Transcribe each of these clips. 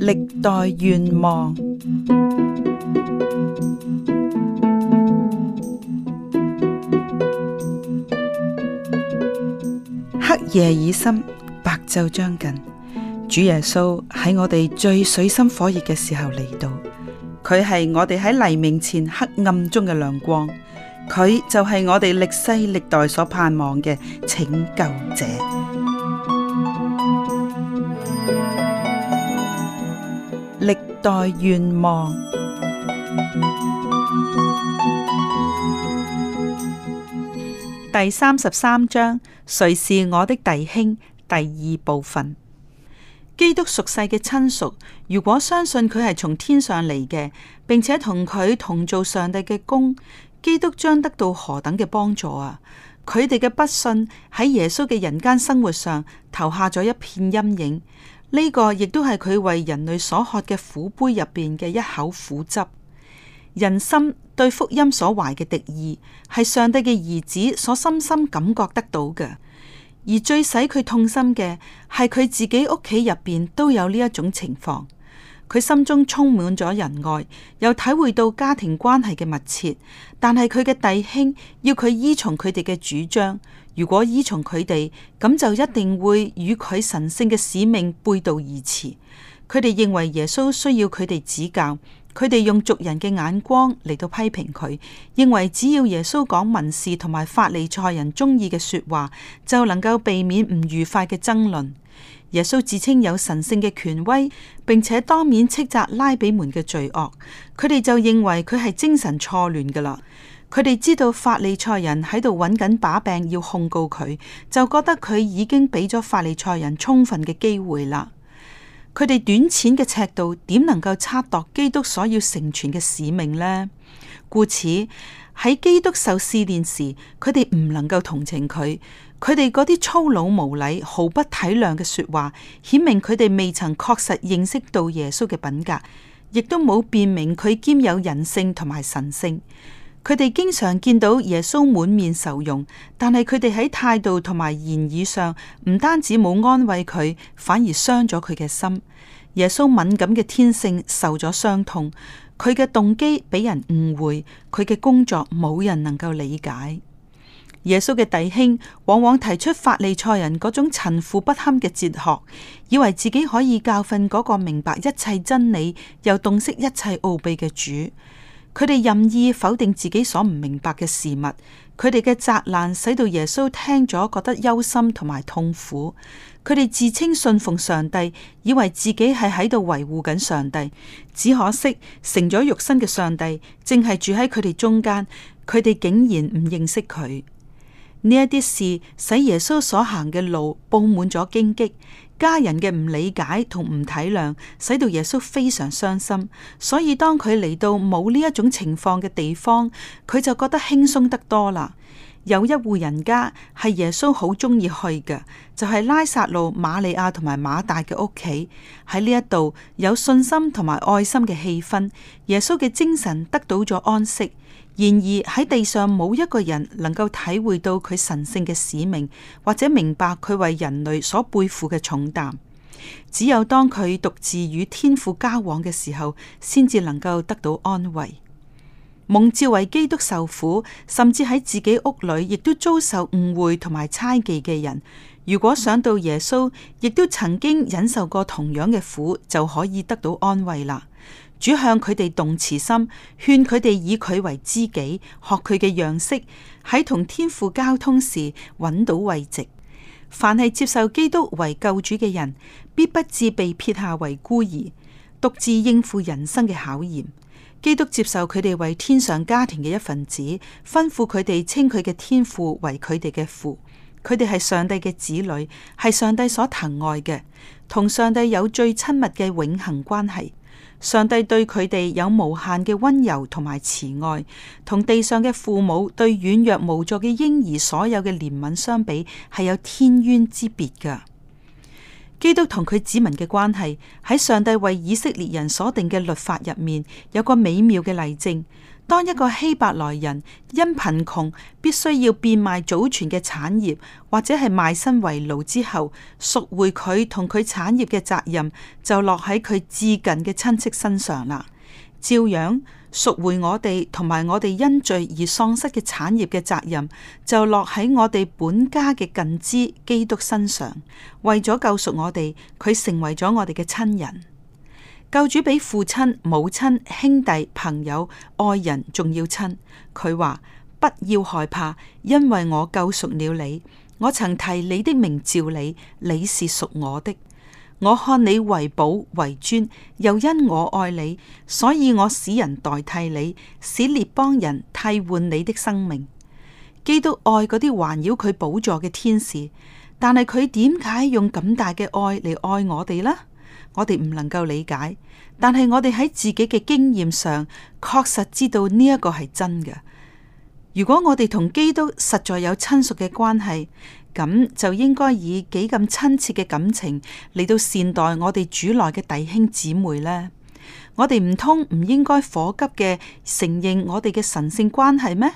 歷代願望。黑夜已深，白晝將近。主耶穌喺我哋最水深火熱嘅時候嚟到，佢係我哋喺黎明前黑暗中嘅亮光，佢就係我哋歷世歷代所盼望嘅拯救者。在願望第三十三章，誰是我的弟兄？第二部分，基督屬世嘅親屬，如果相信佢係從天上嚟嘅，並且同佢同做上帝嘅工，基督將得到何等嘅幫助啊！佢哋嘅不信喺耶穌嘅人間生活上投下咗一片陰影。呢個亦都係佢為人類所喝嘅苦杯入邊嘅一口苦汁，人心對福音所懷嘅敵意，係上帝嘅兒子所深深感覺得到嘅。而最使佢痛心嘅，係佢自己屋企入邊都有呢一種情況。佢心中充滿咗仁愛，又體會到家庭關係嘅密切。但係佢嘅弟兄要佢依從佢哋嘅主張，如果依從佢哋，咁就一定會與佢神聖嘅使命背道而馳。佢哋認為耶穌需要佢哋指教，佢哋用族人嘅眼光嚟到批評佢，認為只要耶穌講文士同埋法利賽人中意嘅説話，就能夠避免唔愉快嘅爭論。耶穌自稱有神聖嘅權威，並且當面斥責拉比們嘅罪惡，佢哋就認為佢係精神錯亂噶啦。佢哋知道法利賽人喺度揾緊把柄要控告佢，就覺得佢已經俾咗法利賽人充分嘅機會啦。佢哋短淺嘅尺度，點能夠測度基督所要成全嘅使命呢？故此喺基督受試煉時，佢哋唔能夠同情佢。佢哋嗰啲粗魯無禮、毫不體諒嘅說話，顯明佢哋未曾確實認識到耶穌嘅品格，亦都冇辨明佢兼有人性同埋神性。佢哋經常見到耶穌滿面愁容，但係佢哋喺態度同埋言語上，唔單止冇安慰佢，反而傷咗佢嘅心。耶穌敏感嘅天性受咗傷痛，佢嘅動機俾人誤會，佢嘅工作冇人能夠理解。耶穌嘅弟兄往往提出法利賽人嗰種陳腐不堪嘅哲學，以為自己可以教訓嗰個明白一切真理又洞悉一切奧秘嘅主。佢哋任意否定自己所唔明白嘅事物，佢哋嘅責難使到耶穌聽咗覺得憂心同埋痛苦。佢哋自稱信奉上帝，以為自己係喺度維護緊上帝。只可惜成咗肉身嘅上帝正係住喺佢哋中間，佢哋竟然唔認識佢。呢一啲事使耶穌所行嘅路佈滿咗荊棘，家人嘅唔理解同唔體諒，使到耶穌非常傷心。所以當佢嚟到冇呢一種情況嘅地方，佢就覺得輕鬆得多啦。有一戶人家係耶穌好鍾意去嘅，就係、是、拉撒路、瑪利亞同埋馬大嘅屋企。喺呢一度有信心同埋愛心嘅氣氛，耶穌嘅精神得到咗安息。然而喺地上冇一個人能夠體會到佢神聖嘅使命，或者明白佢為人類所背負嘅重擔。只有當佢獨自與天父交往嘅時候，先至能夠得到安慰。蒙召為基督受苦，甚至喺自己屋裏亦都遭受誤會同埋猜忌嘅人，如果想到耶穌亦都曾經忍受過同樣嘅苦，就可以得到安慰啦。主向佢哋動慈心，勸佢哋以佢為知己，學佢嘅樣式，喺同天父交通時揾到慰藉。凡係接受基督為救主嘅人，必不至被撇下為孤兒，獨自應付人生嘅考驗。基督接受佢哋為天上家庭嘅一份子，吩咐佢哋稱佢嘅天父為佢哋嘅父。佢哋係上帝嘅子女，係上帝所疼愛嘅，同上帝有最親密嘅永恆關係。上帝對佢哋有無限嘅温柔同埋慈愛，同地上嘅父母對軟弱無助嘅嬰兒所有嘅憐憫相比，係有天淵之別㗎。基督同佢子民嘅關係，喺上帝為以色列人所定嘅律法入面，有個美妙嘅例證。當一個希伯來人因貧窮必須要變賣祖傳嘅產業或者係賣身為奴之後，贖回佢同佢產業嘅責任就落喺佢至近嘅親戚身上啦。照樣贖回我哋同埋我哋因罪而喪失嘅產業嘅責任就落喺我哋本家嘅近支基督身上。為咗救贖我哋，佢成為咗我哋嘅親人。救主比父親、母親、兄弟、朋友、愛人仲要親。佢話：不要害怕，因為我救贖了你。我曾提你的名召你，你是屬我的。我看你為寶為尊，又因我愛你，所以我使人代替你，使列邦人替換你的生命。基督愛嗰啲環繞佢寶座嘅天使，但係佢點解用咁大嘅愛嚟愛我哋呢？我哋唔能夠理解，但係我哋喺自己嘅經驗上，確實知道呢一個係真嘅。如果我哋同基督實在有親屬嘅關係，咁就應該以幾咁親切嘅感情嚟到善待我哋主內嘅弟兄姊妹呢？我哋唔通唔應該火急嘅承認我哋嘅神聖關係咩？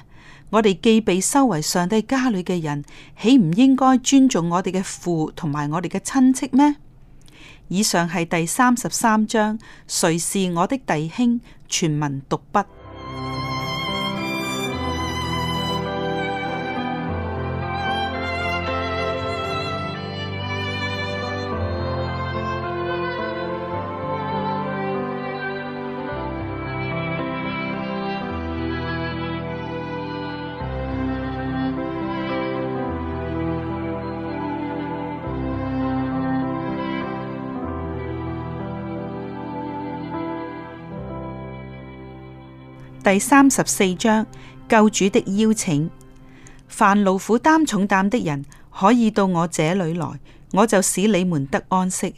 我哋既被收為上帝家裏嘅人，豈唔應該尊重我哋嘅父同埋我哋嘅親戚咩？以上係第三十三章，誰是我的弟兄？全文讀畢。第三十四章，救主的邀請。凡勞苦擔重擔的人，可以到我這裏來，我就使你們得安息。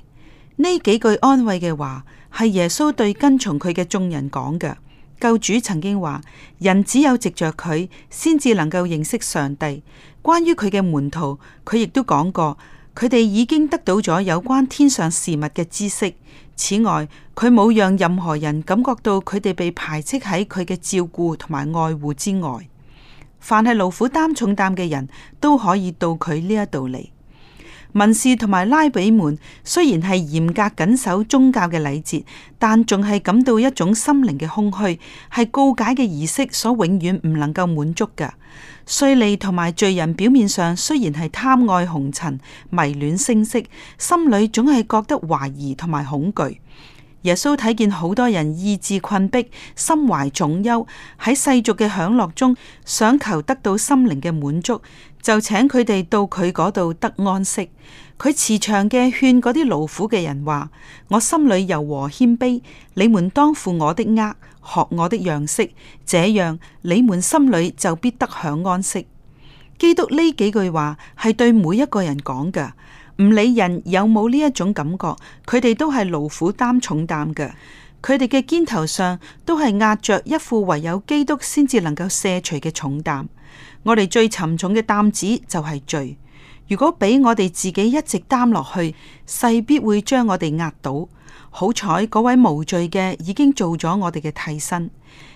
呢幾句安慰嘅話，係耶穌對跟從佢嘅眾人講嘅。救主曾經話：人只有藉着佢，先至能夠認識上帝。關於佢嘅門徒，佢亦都講過。佢哋已經得到咗有關天上事物嘅知識。此外，佢冇讓任何人感覺到佢哋被排斥喺佢嘅照顧同埋愛護之外。凡係勞苦擔重擔嘅人都可以到佢呢一度嚟。文士同埋拉比們雖然係嚴格謹守宗教嘅禮節，但仲係感到一種心靈嘅空虛，係告解嘅儀式所永遠唔能夠滿足㗎。稅吏同埋罪人表面上雖然係貪愛紅塵、迷戀聲色，心裏總係覺得懷疑同埋恐懼。耶穌睇見好多人意志困逼、心懷重憂，喺世俗嘅享樂中想求得到心靈嘅滿足，就請佢哋到佢嗰度得安息。佢慈祥嘅勸嗰啲勞苦嘅人話：我心裏柔和謙卑，你們當負我的軛。學我的樣式，這樣你們心裏就必得享安息。基督呢幾句話係對每一個人講嘅，唔理人有冇呢一種感覺，佢哋都係勞苦擔重擔嘅，佢哋嘅肩頭上都係壓着一副唯有基督先至能夠卸除嘅重擔。我哋最沉重嘅擔子就係罪，如果俾我哋自己一直擔落去，勢必會將我哋壓倒。好彩，嗰位無罪嘅已經做咗我哋嘅替身。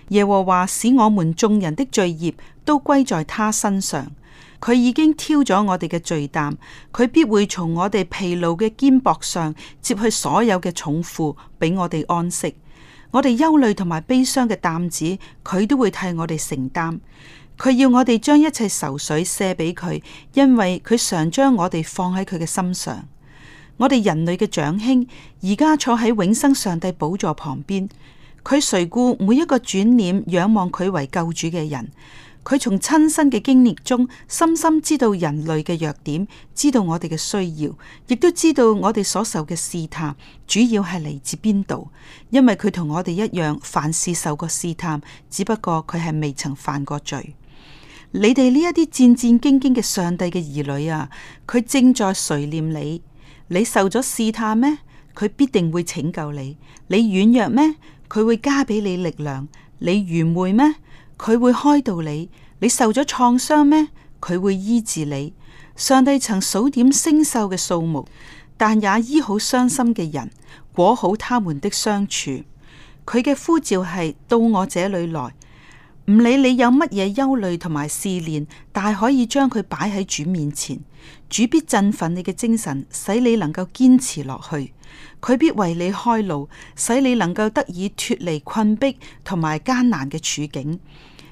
耶和華使我們眾人的罪孽都歸在他身上，佢已經挑咗我哋嘅罪擔，佢必會從我哋疲勞嘅肩膊上接去所有嘅重負，俾我哋安息。我哋憂慮同埋悲傷嘅擔子，佢都會替我哋承擔。佢要我哋將一切愁緒卸俾佢，因為佢常將我哋放喺佢嘅心上。我哋人類嘅長兄而家坐喺永生上帝寶座旁邊，佢垂顧每一個轉臉仰望佢為救主嘅人。佢從親身嘅經歷中深深知道人類嘅弱點，知道我哋嘅需要，亦都知道我哋所受嘅試探主要係嚟自邊度。因為佢同我哋一樣，凡事受過試探，只不過佢係未曾犯過罪。你哋呢一啲戰戰兢兢嘅上帝嘅兒女啊，佢正在垂念你。你受咗試探咩？佢必定會拯救你。你軟弱咩？佢會加畀你力量。你愚昧咩？佢會開導你。你受咗創傷咩？佢會醫治你。上帝曾數點星宿嘅數目，但也醫好傷心嘅人，裹好他們的傷處。佢嘅呼召係到我這裏來。唔理你有乜嘢憂慮同埋試煉，但可以將佢擺喺主面前，主必振奮你嘅精神，使你能夠堅持落去。佢必為你開路，使你能夠得以脫離困逼同埋艱難嘅處境。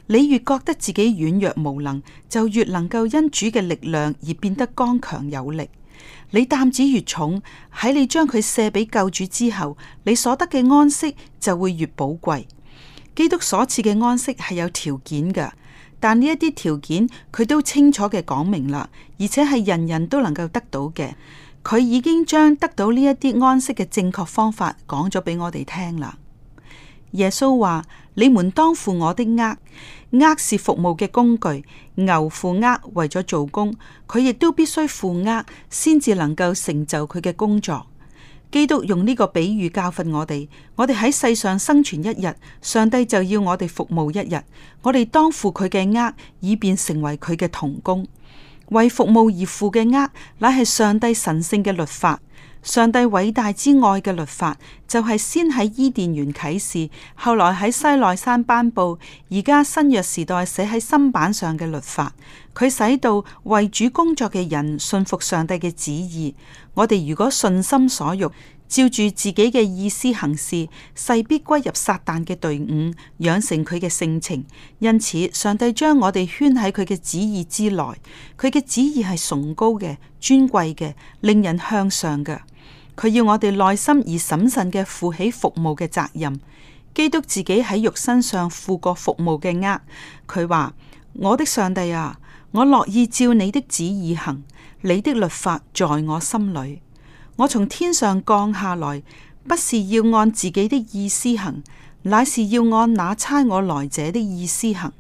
你越覺得自己軟弱無能，就越能夠因主嘅力量而變得剛強有力。你擔子越重，喺你將佢卸俾救主之後，你所得嘅安息就會越寶貴。基督所賜嘅安息係有條件嘅，但呢一啲條件佢都清楚嘅講明啦，而且係人人都能夠得到嘅。佢已經將得到呢一啲安息嘅正確方法講咗俾我哋聽啦。耶穌話：你們當負我的軛，軛是服務嘅工具。牛負軛為咗做工，佢亦都必須負軛，先至能夠成就佢嘅工作。基督用呢個比喻教訓我哋，我哋喺世上生存一日，上帝就要我哋服務一日。我哋當負佢嘅軛，以便成為佢嘅同工，為服務而負嘅軛，乃係上帝神聖嘅律法。上帝偉大之愛嘅律法，就係、是、先喺伊甸園啟示，後來喺西奈山頒布，而家新約時代寫喺心板上嘅律法，佢使到為主工作嘅人信服上帝嘅旨意。我哋如果信心所欲。照住自己嘅意思行事，勢必歸入撒旦嘅隊伍，養成佢嘅性情。因此，上帝將我哋圈喺佢嘅旨意之內。佢嘅旨意係崇高嘅、尊貴嘅、令人向上嘅。佢要我哋耐心而審慎嘅負起服務嘅責任。基督自己喺肉身上負過服務嘅軛。佢話：我的上帝啊，我樂意照你的旨意行。你的律法在我心裏。我從天上降下來，不是要按自己的意思行，乃是要按那差我來者的意思行。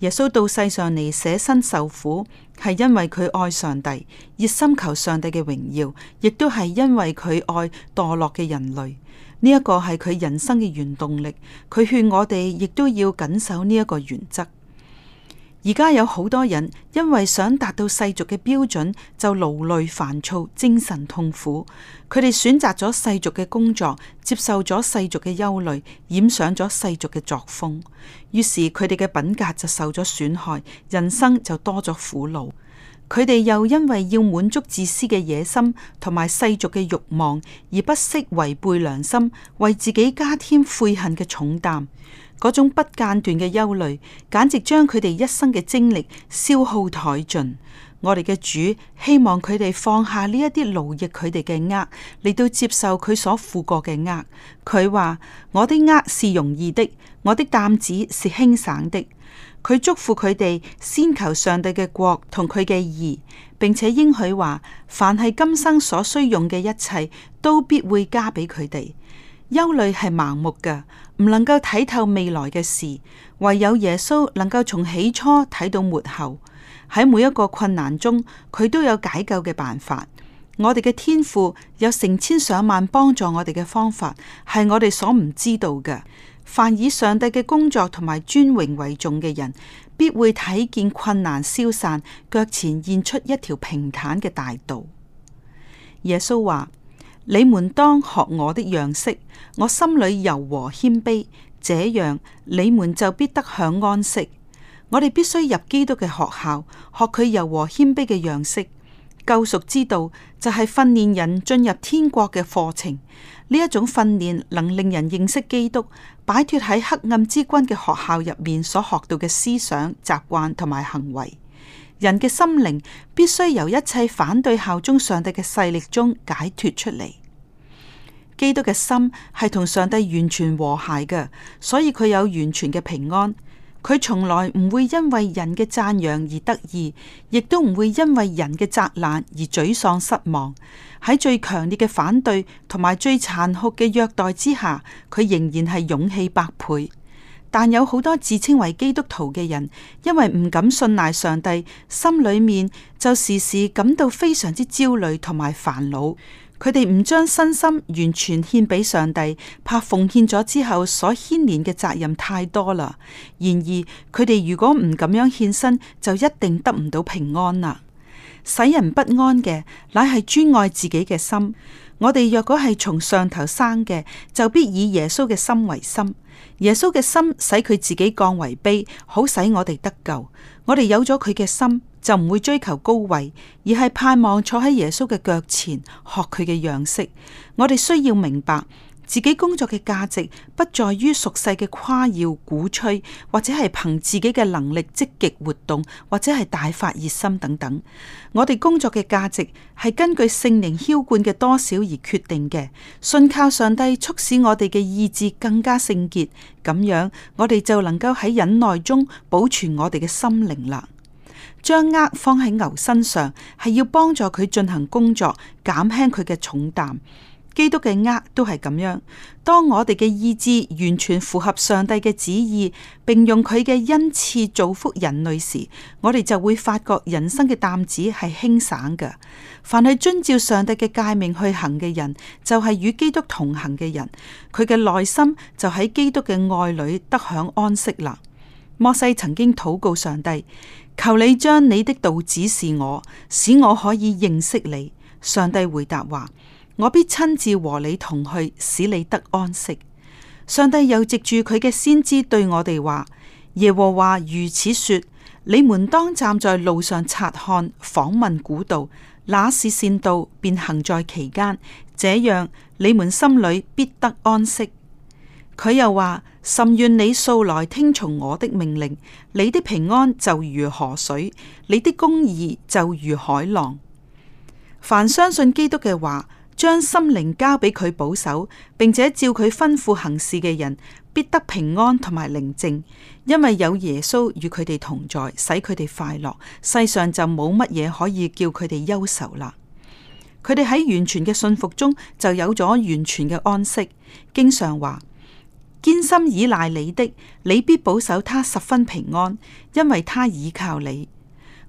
耶穌到世上嚟捨身受苦，係因為佢愛上帝，熱心求上帝嘅榮耀，亦都係因為佢愛墮落嘅人類。呢一個係佢人生嘅原動力。佢勸我哋，亦都要謹守呢一個原則。而家有好多人因為想達到世俗嘅標準，就勞累煩躁、精神痛苦。佢哋選擇咗世俗嘅工作，接受咗世俗嘅憂慮，染上咗世俗嘅作風，於是佢哋嘅品格就受咗損害，人生就多咗苦惱。佢哋又因為要滿足自私嘅野心同埋世俗嘅慾望，而不惜違背良心，為自己加添悔恨嘅重擔。嗰種不間斷嘅憂慮，簡直將佢哋一生嘅精力消耗殆盡。我哋嘅主希望佢哋放下呢一啲勞役佢哋嘅軛，嚟到接受佢所負過嘅軛。佢話：我的軛是容易的，我的擔子是輕省的。佢祝福佢哋，先求上帝嘅國同佢嘅義，並且應許話，凡係今生所需用嘅一切，都必會加俾佢哋。憂慮係盲目㗎。唔能夠睇透未來嘅事，唯有耶穌能夠從起初睇到末後。喺每一個困難中，佢都有解救嘅辦法。我哋嘅天父有成千上萬幫助我哋嘅方法，係我哋所唔知道嘅。凡以上帝嘅工作同埋尊榮為重嘅人，必會睇見困難消散，腳前現出一條平坦嘅大道。耶穌話。你們當學我的樣式，我心裏柔和謙卑，這樣你們就必得享安息。我哋必須入基督嘅學校，學佢柔和謙卑嘅樣式。救贖之道就係訓練人進入天國嘅課程，呢一種訓練能令人認識基督，擺脫喺黑暗之君嘅學校入面所學到嘅思想、習慣同埋行為。人嘅心靈必須由一切反對效忠上帝嘅勢力中解脫出嚟。基督嘅心係同上帝完全和諧嘅，所以佢有完全嘅平安。佢從來唔會因為人嘅讚揚而得意，亦都唔會因為人嘅責難而沮喪失望。喺最強烈嘅反對同埋最殘酷嘅虐待之下，佢仍然係勇氣百倍。但有好多自稱為基督徒嘅人，因為唔敢信賴上帝，心裏面就時時感到非常之焦慮同埋煩惱。佢哋唔將身心完全獻俾上帝，怕奉獻咗之後所牽連嘅責任太多啦。然而，佢哋如果唔咁樣獻身，就一定得唔到平安啦。使人不安嘅，乃係專愛自己嘅心。我哋若果係從上頭生嘅，就必以耶穌嘅心為心。耶穌嘅心使佢自己降為卑，好使我哋得救。我哋有咗佢嘅心，就唔會追求高位，而係盼望坐喺耶穌嘅腳前，學佢嘅樣式。我哋需要明白。自己工作嘅價值不在於俗世嘅誇耀鼓吹，或者係憑自己嘅能力積極活動，或者係大發熱心等等。我哋工作嘅價值係根據聖靈澆灌嘅多少而決定嘅。信靠上帝促使我哋嘅意志更加聖潔，咁樣我哋就能夠喺忍耐中保存我哋嘅心靈啦。將軛放喺牛身上，係要幫助佢進行工作，減輕佢嘅重擔。基督嘅呃都係咁樣。當我哋嘅意志完全符合上帝嘅旨意，並用佢嘅恩賜祝福人類時，我哋就會發覺人生嘅擔子係輕省嘅。凡係遵照上帝嘅誡命去行嘅人，就係、是、與基督同行嘅人。佢嘅內心就喺基督嘅愛裏得享安息啦。摩西曾經禱告上帝，求你將你的道指示我，使我可以認識你。上帝回答話。我必親自和你同去，使你得安息。上帝又藉住佢嘅先知對我哋話：耶和華如此說，你們當站在路上察看，訪問古道，那是善道，便行在其間，這樣你們心裏必得安息。佢又話：甚願你素來聽從我的命令，你的平安就如河水，你的公義就如海浪。凡相信基督嘅話將心靈交俾佢保守，並且照佢吩咐行事嘅人，必得平安同埋寧靜，因為有耶穌與佢哋同在，使佢哋快樂。世上就冇乜嘢可以叫佢哋憂愁啦。佢哋喺完全嘅信服中，就有咗完全嘅安息。經常話：堅心依賴你的，你必保守他十分平安，因為他倚靠你。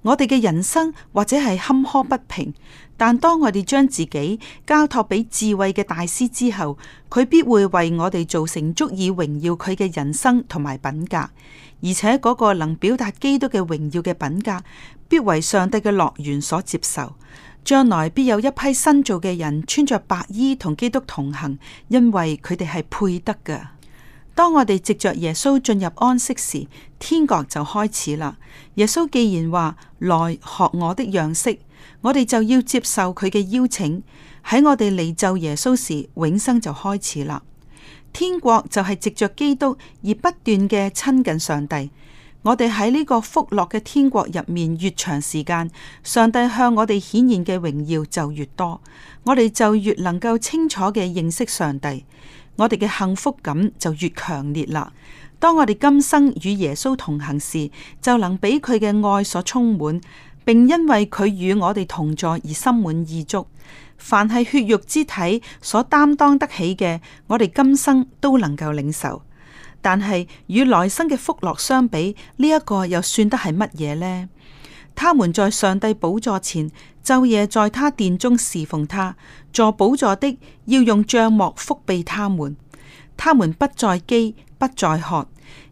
我哋嘅人生或者係坎坷不平。但當我哋將自己交託俾智慧嘅大師之後，佢必會為我哋造成足以榮耀佢嘅人生同埋品格，而且嗰個能表達基督嘅榮耀嘅品格，必為上帝嘅樂園所接受。將來必有一批新造嘅人穿着白衣同基督同行，因為佢哋係配得㗎。當我哋藉着耶穌進入安息時，天國就開始啦。耶穌既然話，來學我的樣式。我哋就要接受佢嘅邀請，喺我哋嚟就耶穌時，永生就開始啦。天國就係藉着基督而不斷嘅親近上帝。我哋喺呢個福樂嘅天國入面越長時間，上帝向我哋顯現嘅榮耀就越多，我哋就越能夠清楚嘅認識上帝，我哋嘅幸福感就越強烈啦。當我哋今生與耶穌同行時，就能俾佢嘅愛所充滿。並因為佢與我哋同在而心滿意足。凡係血肉之體所擔當得起嘅，我哋今生都能夠領受。但係與來生嘅福樂相比，呢一個又算得係乜嘢呢？他們在上帝寶座前晝夜在他殿中侍奉他，坐寶座的要用帳幕覆庇他們，他們不再飢，不再渴。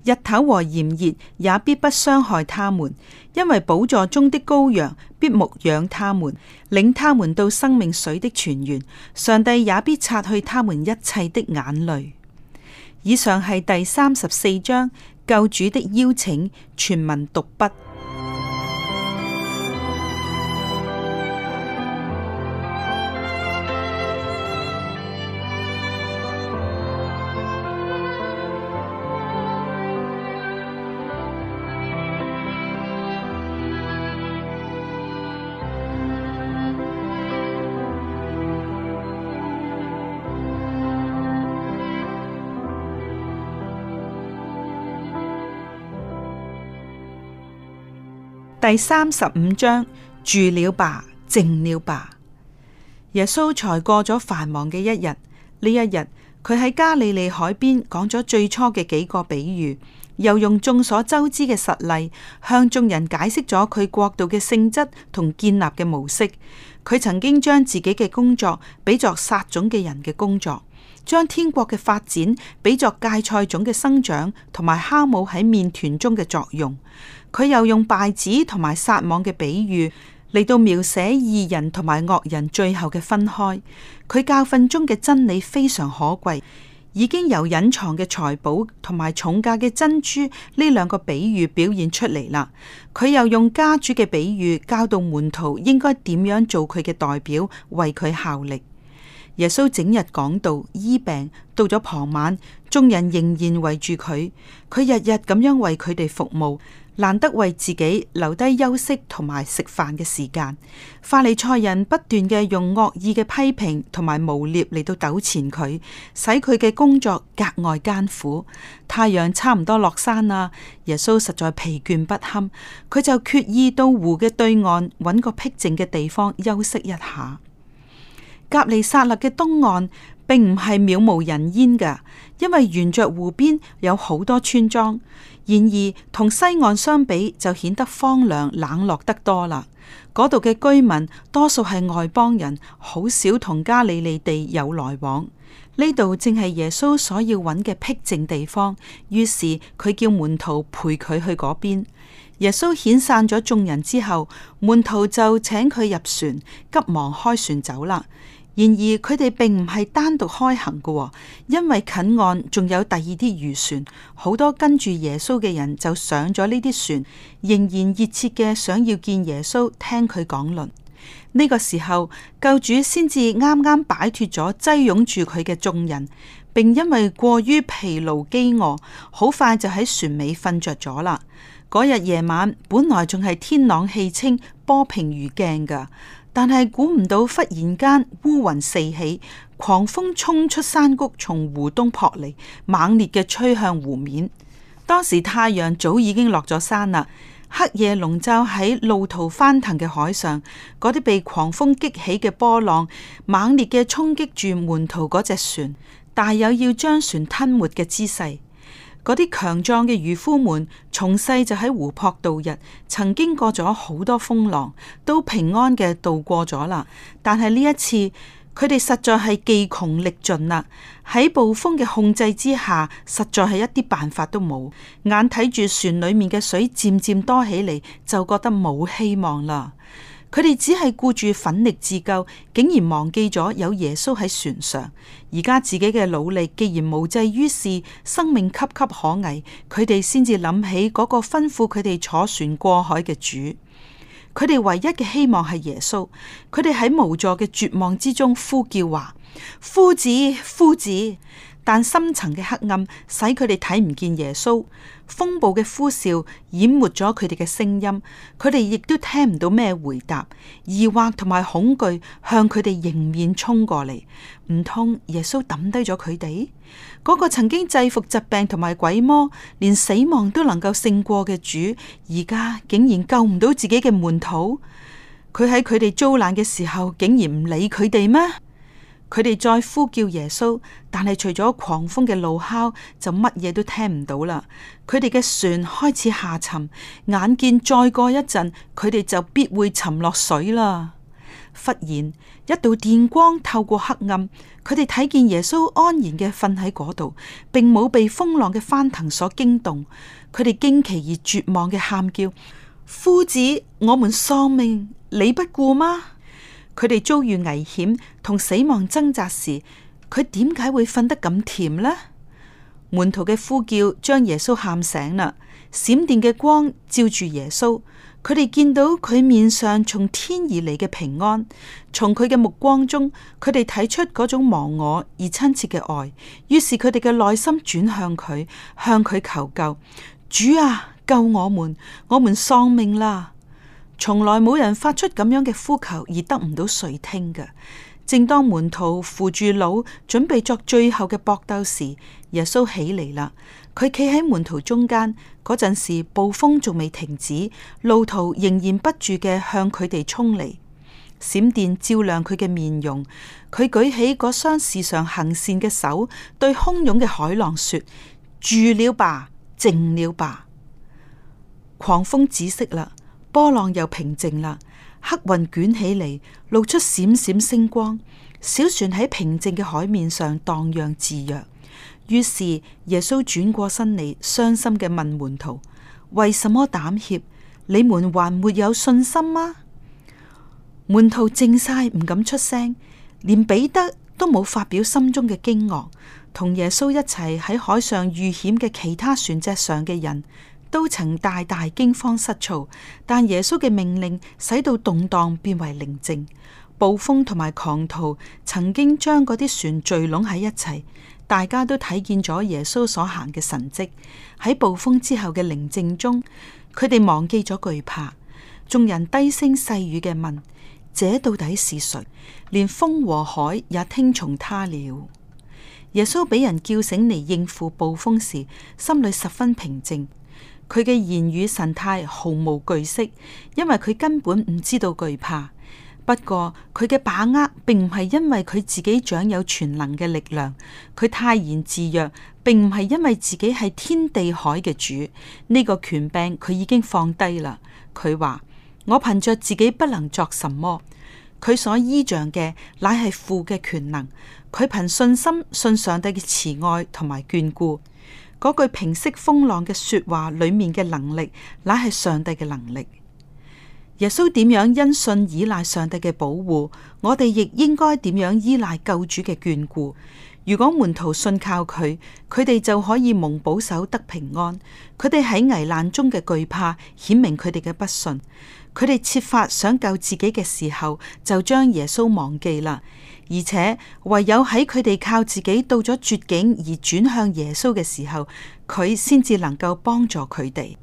日頭和炎熱也必不傷害他們，因為寶座中的羔羊必牧養他們，領他們到生命水的泉源。上帝也必擦去他們一切的眼淚。以上係第三十四章救主的邀請，全文讀畢。第三十五章，住了吧，靜了吧。耶穌才過咗繁忙嘅一日，呢一日，佢喺加利利海邊講咗最初嘅幾個比喻，又用眾所周知嘅實例向眾人解釋咗佢國度嘅性質同建立嘅模式。佢曾經將自己嘅工作比作撒種嘅人嘅工作。將天國嘅發展比作芥菜種嘅生長，同埋酵母喺麵團中嘅作用。佢又用稗子同埋撒網嘅比喻嚟到描寫義人同埋惡人最後嘅分開。佢教訓中嘅真理非常可貴，已經由隱藏嘅財寶同埋重價嘅珍珠呢兩個比喻表現出嚟啦。佢又用家主嘅比喻教導門徒應該點樣做佢嘅代表，為佢效力。耶穌整日講道醫病，到咗傍晚，眾人仍然圍住佢，佢日日咁樣為佢哋服務，難得為自己留低休息同埋食飯嘅時間。法利賽人不斷嘅用惡意嘅批評同埋誣蔑嚟到糾纏佢，使佢嘅工作格外艱苦。太陽差唔多落山啦，耶穌實在疲倦不堪，佢就決意到湖嘅對岸搵個僻靜嘅地方休息一下。格尼薩勒嘅東岸並唔係渺無人煙噶，因為沿着湖邊有好多村莊。然而，同西岸相比，就顯得荒涼冷落得多啦。嗰度嘅居民多數係外邦人，好少同加里利地有來往。呢度正係耶穌所要搵嘅僻靜地方，於是佢叫門徒陪佢去嗰邊。耶穌遣散咗眾人之後，門徒就請佢入船，急忙開船走啦。然而佢哋並唔係單獨開行嘅，因為近岸仲有第二啲漁船，好多跟住耶穌嘅人就上咗呢啲船，仍然熱切嘅想要見耶穌聽佢講論。呢個時候，救主先至啱啱擺脫咗擠擁住佢嘅眾人，並因為過於疲勞飢餓，好快就喺船尾瞓着咗啦。嗰日夜晚本來仲係天朗氣清，波平如鏡噶。但係估唔到，忽然間烏雲四起，狂風衝出山谷，從湖東撲嚟，猛烈嘅吹向湖面。當時太陽早已經落咗山啦，黑夜籠罩喺路途翻騰嘅海上，嗰啲被狂風激起嘅波浪，猛烈嘅衝擊住門徒嗰隻船，大有要將船吞沒嘅姿勢。嗰啲強壯嘅漁夫們從細就喺湖泊度日，曾經過咗好多風浪，都平安嘅度過咗啦。但係呢一次，佢哋實在係技窮力盡啦，喺暴風嘅控制之下，實在係一啲辦法都冇，眼睇住船裏面嘅水漸漸多起嚟，就覺得冇希望啦。佢哋只係顧住奮力自救，竟然忘記咗有耶穌喺船上。而家自己嘅努力既然無濟於事，生命岌岌可危，佢哋先至諗起嗰個吩咐佢哋坐船過海嘅主。佢哋唯一嘅希望係耶穌。佢哋喺無助嘅絕望之中呼叫話：「夫子，夫子！」但深層嘅黑暗使佢哋睇唔見耶穌，風暴嘅呼嘯淹沒咗佢哋嘅聲音，佢哋亦都聽唔到咩回答，疑惑同埋恐懼向佢哋迎面衝過嚟。唔通耶穌抌低咗佢哋？嗰個曾經制服疾病同埋鬼魔，連死亡都能夠勝過嘅主，而家竟然救唔到自己嘅門徒？佢喺佢哋遭難嘅時候，竟然唔理佢哋咩？佢哋再呼叫耶穌，但係除咗狂風嘅怒哮，就乜嘢都聽唔到啦。佢哋嘅船開始下沉，眼見再過一陣，佢哋就必會沉落水啦。忽然，一道電光透過黑暗，佢哋睇見耶穌安然嘅瞓喺嗰度，並冇被風浪嘅翻騰所驚動。佢哋驚奇而絕望嘅喊叫：「夫子，我們喪命，你不顧嗎？」佢哋遭遇危險同死亡掙扎時，佢點解會瞓得咁甜呢？門徒嘅呼叫將耶穌喊醒啦，閃電嘅光照住耶穌，佢哋見到佢面上從天而嚟嘅平安，從佢嘅目光中，佢哋睇出嗰種忘我而親切嘅愛，於是佢哋嘅內心轉向佢，向佢求救：主啊，救我們，我們喪命啦！從來冇人發出咁樣嘅呼求而得唔到垂聽嘅。正當門徒扶住腦準備作最後嘅搏鬥時，耶穌起嚟啦。佢企喺門徒中間嗰陣時，暴風仲未停止，路途仍然不住嘅向佢哋衝嚟。閃電照亮佢嘅面容，佢舉起嗰雙時常行善嘅手，對洶湧嘅海浪說：住了吧，靜了吧。狂風止息啦。波浪又平靜啦，黑雲捲起嚟，露出閃閃星光。小船喺平靜嘅海面上蕩漾自若。於是耶穌轉過身嚟，傷心嘅問門徒：為什麼膽怯？你們還沒有信心嗎？門徒靜晒，唔敢出聲，連彼得都冇發表心中嘅驚愕。同耶穌一齊喺海上遇險嘅其他船隻上嘅人。都曾大大驚慌失措，但耶穌嘅命令使到動蕩變為寧靜。暴風同埋狂徒曾經將嗰啲船聚攏喺一齊，大家都睇見咗耶穌所行嘅神跡。喺暴風之後嘅寧靜中，佢哋忘記咗懼怕。眾人低聲細語嘅問：這到底是誰？連風和海也聽從他了。耶穌俾人叫醒嚟應付暴風時，心裏十分平靜。佢嘅言語神態毫無懼色，因為佢根本唔知道懼怕。不過佢嘅把握並唔係因為佢自己掌有全能嘅力量，佢泰然自若，並唔係因為自己係天地海嘅主。呢個權柄佢已經放低啦。佢話：我憑着自己不能作什麼，佢所依仗嘅乃係父嘅權能。佢憑信心信上帝嘅慈愛同埋眷顧。嗰句平息風浪嘅說話裏面嘅能力，乃係上帝嘅能力。耶穌點樣因信依賴上帝嘅保護，我哋亦應該點樣依賴救主嘅眷顧。如果門徒信靠佢，佢哋就可以蒙保守得平安。佢哋喺危難中嘅懼怕，顯明佢哋嘅不信。佢哋設法想救自己嘅時候，就將耶穌忘記啦。而且唯有喺佢哋靠自己到咗絕境而轉向耶穌嘅時候，佢先至能夠幫助佢哋。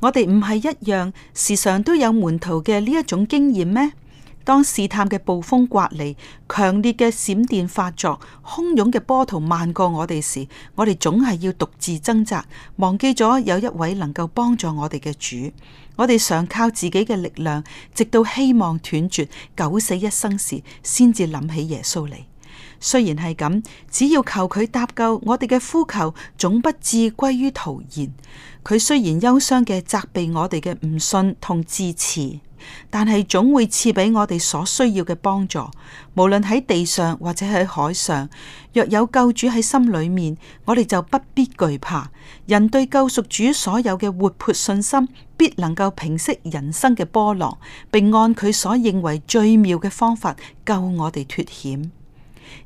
我哋唔係一樣，時常都有門徒嘅呢一種經驗咩？當試探嘅暴風刮嚟，強烈嘅閃電發作，洶湧嘅波濤漫過我哋時，我哋總係要獨自掙扎，忘記咗有一位能夠幫助我哋嘅主。我哋想靠自己嘅力量，直到希望斷絕、九死一生時，先至諗起耶穌嚟。雖然係咁，只要求佢搭救，我哋嘅呼求總不至歸於徒然。佢雖然憂傷嘅責備我哋嘅唔信同自恃。但係總會賜俾我哋所需要嘅幫助，無論喺地上或者喺海上。若有救主喺心裏面，我哋就不必懼怕。人對救贖主所有嘅活潑信心，必能夠平息人生嘅波浪，並按佢所認為最妙嘅方法救我哋脫險。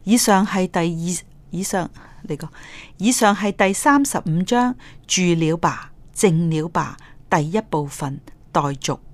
以上係第二，以上呢個，以上係第三十五章，住了吧，靜了吧，第一部分待續。代